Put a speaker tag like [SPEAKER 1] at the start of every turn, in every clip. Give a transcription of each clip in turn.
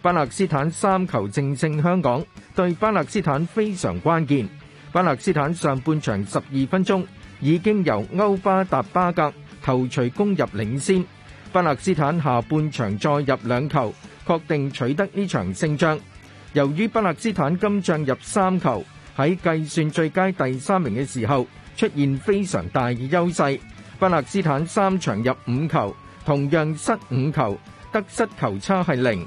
[SPEAKER 1] 巴勒斯坦三球淨勝香港，對巴勒斯坦非常關鍵。巴勒斯坦上半場十二分鐘已經由歐巴達巴格頭錘攻入領先，巴勒斯坦下半場再入兩球，確定取得呢場勝仗。由於巴勒斯坦今仗入三球，喺計算最佳第三名嘅時候出現非常大嘅優勢。巴勒斯坦三場入五球，同樣失五球，得失球差係零。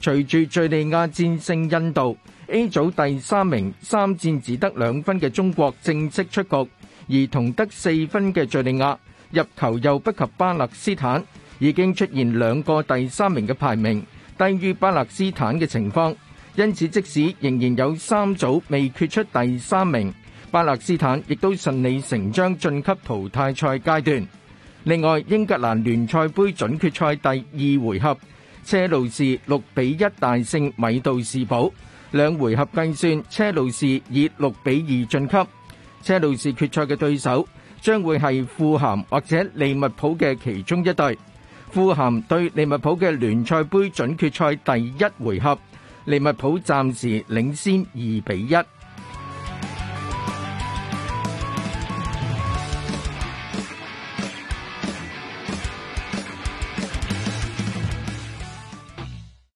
[SPEAKER 1] 隨住敘利亞戰勝印度，A 組第三名三戰只得兩分嘅中國正式出局，而同得四分嘅敘利亞入球又不及巴勒斯坦，已經出現兩個第三名嘅排名低於巴勒斯坦嘅情況。因此，即使仍然有三組未決出第三名，巴勒斯坦亦都順理成章晉級淘汰賽階段。另外，英格蘭聯賽盃準決賽第二回合。車路士六比一大勝米杜士堡，兩回合計算，車路士以六比二晉級。車路士決賽嘅對手將會係富咸或者利物浦嘅其中一隊。富咸對利物浦嘅聯賽盃準決賽第一回合，利物浦暫時領先二比一。